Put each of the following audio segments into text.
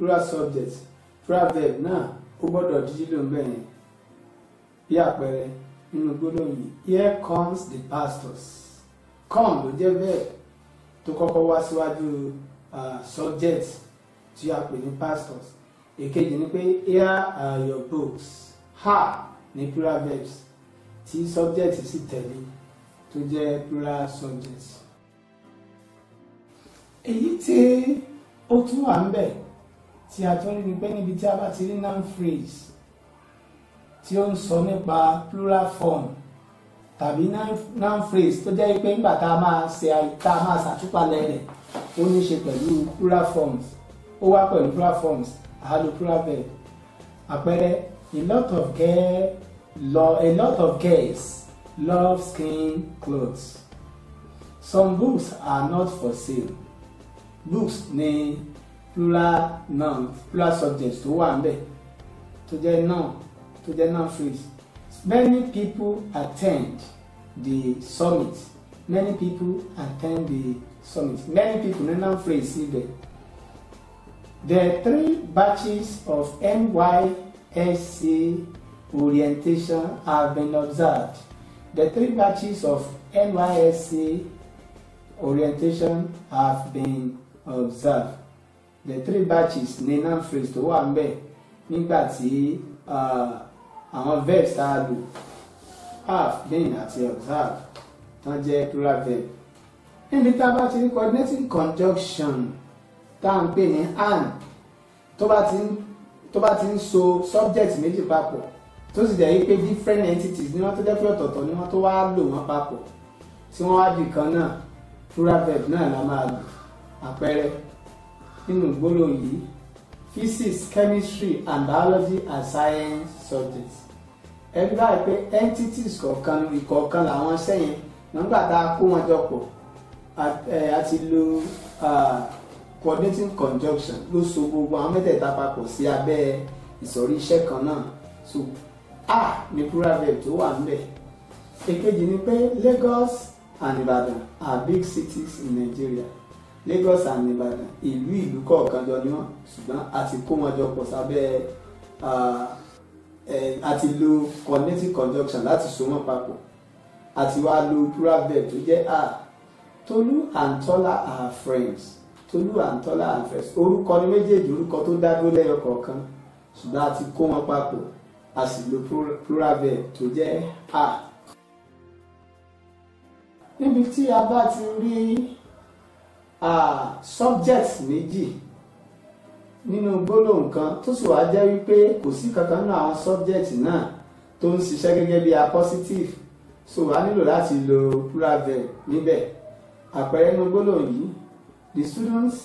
plural subject plural verb náà ó gbọ́dọ̀ dídí ló ń bẹ̀ bí àpẹẹrẹ nínú gbólóhùn here comes the pastors come ló jẹ́ verb tó kọ́kọ́ wá síwájú subject tí a pè ní pastors èkejì ni pé here are your books ha ní plural verbs tí subject sì tẹ̀lé tó jẹ́ plural subject. èyí tí ó tún wà ń bẹ̀ tí a tún rí ni pé níbi tí a bá ti rí noun phrase tí ó ń sọ nípa plural form tàbí noun phrase tó jẹ́ pé nígbà tá a máa ṣe tá a máa ṣàtúpalẹ̀ rẹ̀ ó ní ṣe pẹ̀lú plural forms ó wá pẹ̀lú plural forms a plural verb àpẹẹrẹ a lot of girl a lot of girls love skin clothes some books are not for sale books ni plural noun plural subject tó wà ńbẹ̀ tó jẹ́ noun tó jẹ́ noun phrase many people attend the summit many people attend the summit many people ní noun phrase síbẹ̀ there three batches of NYSC orientation have been observed the three batches of NYSC orientation have been observed the three batches ní noun phrase tó wà ń bẹ̀ nígbà tí àwọn verbs tá a lò have been àti observe tán jẹ́ plural verb níbi tá a bá ti rí coordinating conjunction tá à ń pè ní an tó bá ti ń tó bá ti ń so subject méjì papọ̀ tó sì jẹ́ pé different entities ni wọ́n tó jẹ́ pé ọ̀tọ̀ọ̀tọ̀ ni wọ́n tó wá lò wọ́n papọ̀ tí wọ́n wá di kan náà plural verb náà la máa lò àpẹẹrẹ nínú gbólóhùn yìí physics chemistry and biology are science subjects ẹbí báyìí pé entities kọ̀ọ̀kan ìkọ̀ọ̀kan làwọn sẹ́yìn nígbà tá a kó wọn jọ pọ̀ a ti lo coordinating conjunction ló so gbogbo àwọn mẹ́tẹ̀ẹ̀ta papọ̀ sí abẹ́ ìsọ̀rí iṣẹ́ kan náà so a ní plural verb tó wà níbẹ̀ èkejì ni pé Lagos and Ibadan are big cities in Nigeria Lagos and Ìbàdàn ìlú ìlú kọ̀ọ̀kan jọ ni wọ́n ṣùgbọ́n a ti kó wọn jọ pọ̀ sábẹ́ a ti lo cognitive conjunction láti so wọn papọ̀ a ti wá lo plural verb tó jẹ́ a Tolu and Tola are friends Tolu and Tola are friends orúkọ ni méjèèjì orúkọ tó dá dúró lẹ́yọ kọ̀ọ̀kan ṣùgbọ́n a ti kó wọn papọ̀ a sì lo plural verb tó jẹ́ a. níbi tí a bá ti rí uh, subjects méjì nínú gbólóhùn kan tó sì wáá jẹ́ wípé kò sí kankan nínú àwọn subject náà tó ń ṣiṣẹ́ gẹ́gẹ́ bí appositive so wàá nílò láti lo plural verb níbẹ̀ àpẹẹrẹ nínú gbólóhùn yìí the students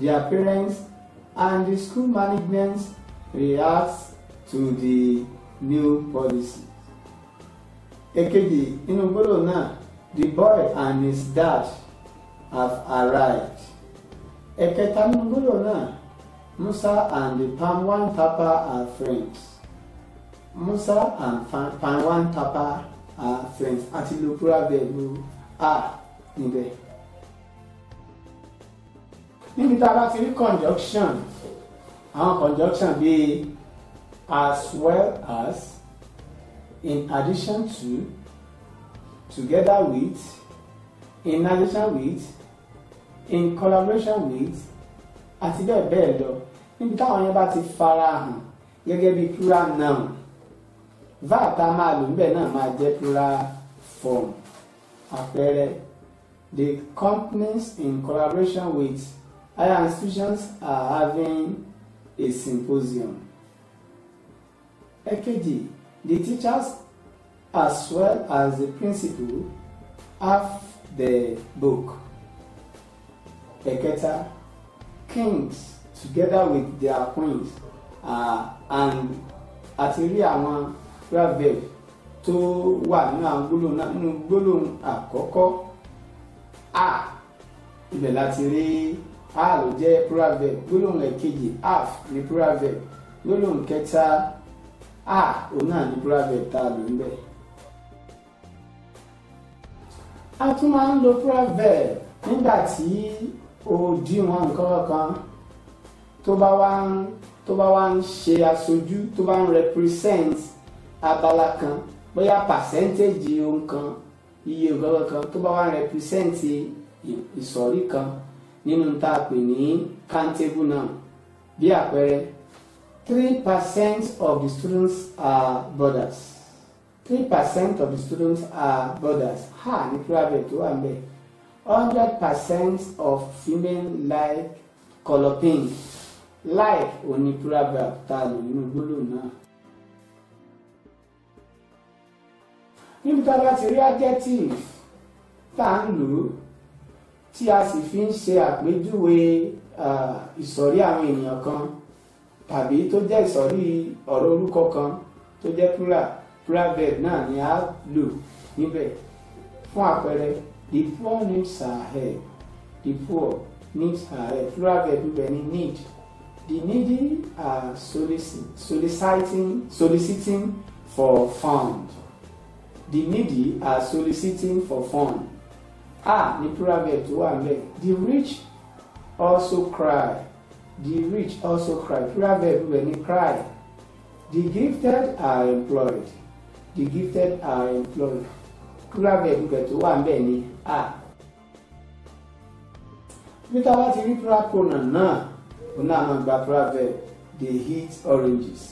their parents and the school management react to the new policy. èkejì nínú gbólóhùn náà the boy and his dad have arrived. Ẹ̀kẹta nínú gbọ́dọ̀ náà Musa and the Panwan Tapa are friends. Musa and Panwan Tapa are friends àti lo púrábẹ̀lú are níbẹ̀. Níbi tá a bá ti rí conjunction àwọn conjunction bíi as well as in addition to together with in addition with in collaboration with àti bẹ́ẹ̀ bẹ́ẹ̀ lọ níbi táwọn yẹn bá ti fara hàn gẹ́gẹ́ bí plural noun verb tá a máa lò níbẹ̀ náà máa jẹ́ plural form àpẹẹrẹ the companies in collaboration with higher institutions are having a symposium. èkejì the teachers as well as the principal have the book. Eketa, kings together with their queens uh, and àti rí àwọn proverb tó wà nínú a ibẹ̀ láti rí a ló jẹ́ ravel gbólóhùn ẹ̀kejì af ni ravel gbólóhùn kẹta a òun náà ni proverb tá a a tún máa ń lo proverb nígbà tí òdiwọ̀n nǹkan kan tó bá wá ń tó bá wá ń ṣe aṣojú tó bá ń represent abala kan bóyá percentage ohun kan iye nǹkan kan tó bá wá ń represent ìsọ̀rí kan nínú tá a pè ní countable noun bí àpẹẹrẹ three percent of the students are brothers three percent of the students are brothers ha ní private tó wà mbẹ hundred percent of female like colour pink like òní private tá a lò nínú gbólóhùn náà. níbi tá a bá ti rí adjective tá a ń lò ó tí a sì fi ń ṣe àpèjúwe ìsọ̀rí àwọn ènìyàn kan tàbí tó jẹ́ ìsọ̀rí ọ̀rọ̀ orúkọ kan tó jẹ́ plural Private náà ni a lò níbẹ̀ fún àpẹẹrẹ the poor needs her help the poor needs her help proverb ni need the needy are soliciting soliciting for fund the needy are soliciting for fund a ní private tó wà níbẹ̀ the rich also cry the rich also cry Private ibẹ̀ ni cry the gifted are employed the gifted are employed plural verb ibẹ̀ tó wà níbẹ̀ ni are. peter wá ti rí plural pronoun náà òun náà máa gba plural verb they eat oranges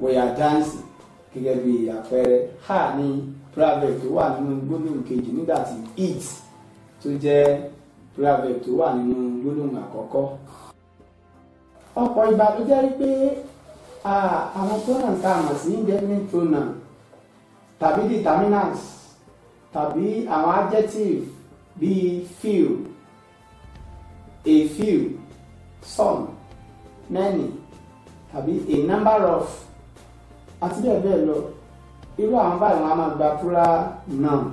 we are dancing gẹ́gẹ́ bí àpẹẹrẹ ha ní plural verb tó wà nínú gbólóhùn kejì nígbà tí eat tó jẹ́ plural verb tó wà nínú gbólóhùn àkọ́kọ́. ọ̀pọ̀ ìgbà ló jẹ́ rí pé àwọn pronoun tá a mọ̀ sí indefinite pronoun tàbí determinants tàbí àwọn adjectives. bíi few a few some many tàbí a number of àti bẹ́ẹ̀ bẹ́ẹ̀ lọ irú àwọn báyìí wọn a máa gba plural noun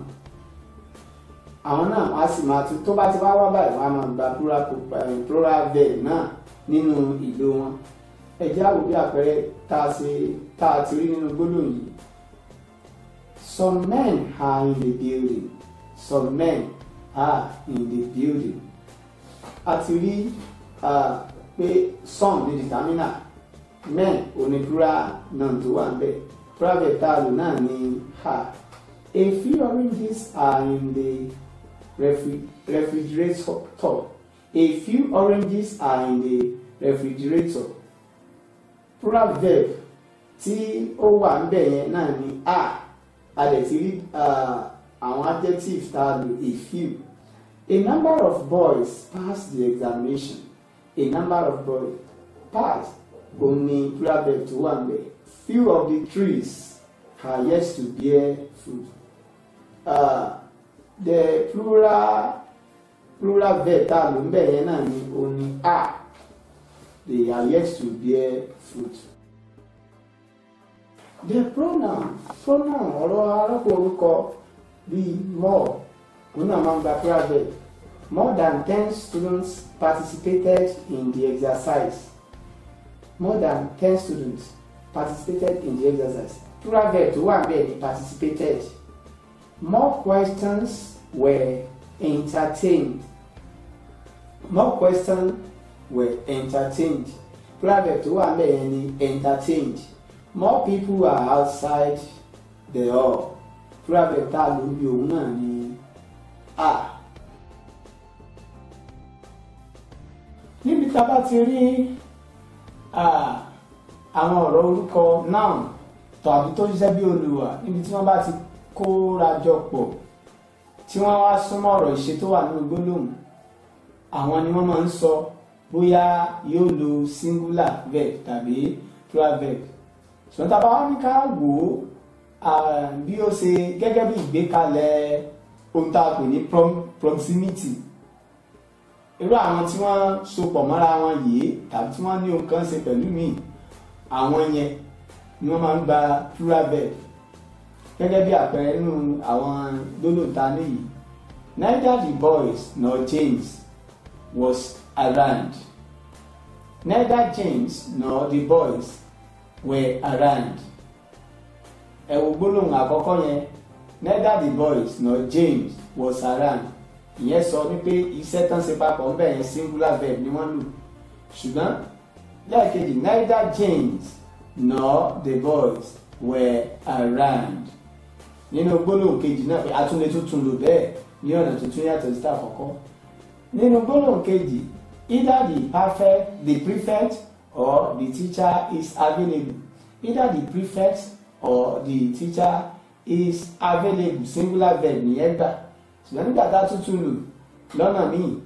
àwọn náà wọn a sì máa tún tó bá ti wá wá báyìí wọn a máa gba plural eh, plural verb náà nínú ìlò wọn ẹ jẹ́ àwòrán àpẹẹrẹ tá a ti rí nínú gbólóhùn yìí Some men are in the building. Some men are in the building. A ti rí pé some ní determiner men òní plural náà tó wà níbẹ̀ private taalu náà ní A few oranges are in the refrigerator. A few oranges are in the refrigerator. Plural verb tí ó wà níbẹ̀ yẹn náà ní are a dẹ̀ ti rí uh, àwọn adjectives tá a lò a few a number of boys passed the examination a number of boys passed òun ni tó wà ń bẹ̀ few of the trees are yet to bear fruit uh, the plural plural verb tá a lò ń bẹ̀ yẹn náà ni òun ni are they are yet to bear fruit the pronoun pronoun ọ̀rọ̀ arákùnrin kọ bíi more òun náà máa ń gba private more than ten students participated in the exercise more than ten students participated in the exercise private tó wà bẹ́ẹ̀ participated more questions were entertained more questions were entertained private tó wà bẹ́ẹ̀ entertained more people are outside the hall private tá a lò ń bi òun náà ni are. níbi tá a bá ti rí àwọn ọ̀rọ̀ orúkọ noun tàbí tó ṣiṣẹ́ bí olùwà níbi tí wọ́n bá ti kóra jọ pọ̀ tí wọ́n wá súnmọ́ ọ̀rọ̀ ìṣe tó wà nínú gbólóhùn àwọn ni wọ́n máa ń sọ bóyá yóò lo singular verb tàbí plural verb ṣùgbọ́n tá a bá wá ní ká wò ó bí ó ṣe gẹ́gẹ́ bí ìgbékalẹ̀ ohun tá a pè ní proximity irú àwọn tí wọ́n sopọ̀ mọ́ra wọn yìí tàbí tí wọ́n ní ohun kan ṣe pẹ̀lú mi àwọn yẹn ni wọ́n máa ń gba plural verb gẹ́gẹ́ bí àpẹẹrẹ nínú àwọn gbólóǹta níyì neither the boys nor James was around neither James nor the boys were around ẹ wo gbólóhùn àkọ́kọ́ yẹn neither the boys nor James was around ìyẹn sọ wípé iṣẹ́ tán ṣe papọ̀ ń bẹ̀ yẹn singular verb ni wọ́n lò ṣùgbọ́n lẹ́ẹ̀kejì neither James nor the boys were around nínú gbólóhùn kejì náà pé atúndé tuntun lò bẹ́ẹ̀ ní ọ̀nà tuntun yàtọ̀ sí àkọ́kọ́ nínú gbólóhùn kejì either the prefect the prefect or the teacher is available either the prefect or the teacher is available singular verb nìyẹn gbà ṣùgbọ́n nígbà tá a tuntun lò lọ́nà míì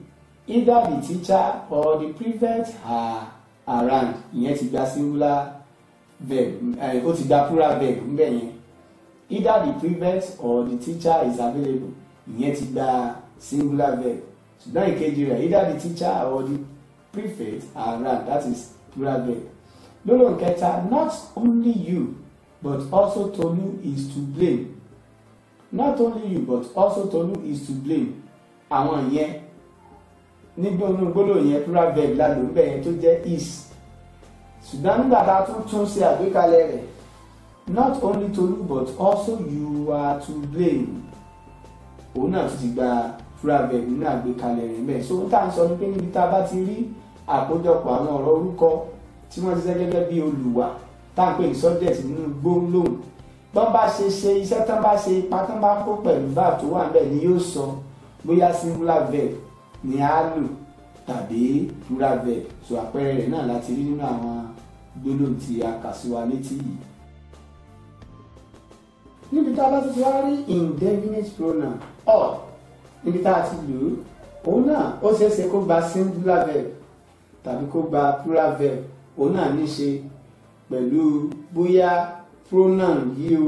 either the teacher or the prefect are around ìyẹn ti gba singular verb eh, ó ti gba plural verb ńbẹ̀ yẹn either the prefect or the teacher is available ìyẹn ti gba singular verb ṣùgbọ́n ìkejì rẹ̀ either the teacher or the prefect are around that is graduate. Lolo Nketa, not only you, but also Tolu is to blame. Not only you, but also Tolu is to blame. Àwọn yẹn nígbónú gbólóhùn yẹn plural verb lálò ń bẹ̀ yẹn tó jẹ́ is. Ṣùgbọ́n nígbà tá a tún tún ṣe àgbékalẹ̀ rẹ̀, not only Tolu but also you are to blame. Òun náà ti gba plural verb nínú àgbékalẹ̀ rẹ̀ bẹ́ẹ̀. So ohun tá à ń sọ ni pé níbi tá a bá ti rí àkójọpọ̀ àwọn ọ̀rọ̀ orúkọ tí wọ́n ṣiṣẹ́ gẹ́gẹ́ bí olùwà táǹpẹ̀ subject nínú gbólóhùn tán bá ṣe ṣe iṣẹ́ tán bá ṣe ipa tán bá kó pẹ̀lú bá tó wà níbẹ̀ ni yóò sọ bóyá singular ni a lò tàbí plural so àpẹẹrẹ rẹ̀ náà láti rí nínú àwọn gbólóhùn tí a kà sí wa létí yìí. níbi tá a bá ti wá rí indefinite pronoun or níbi tá a ti lò ó òun náà ó ṣeé ṣe kó gba singular tàbí kó gba plural verb òun náà ní í ṣe pẹ̀lú bóyá pronoun yìí o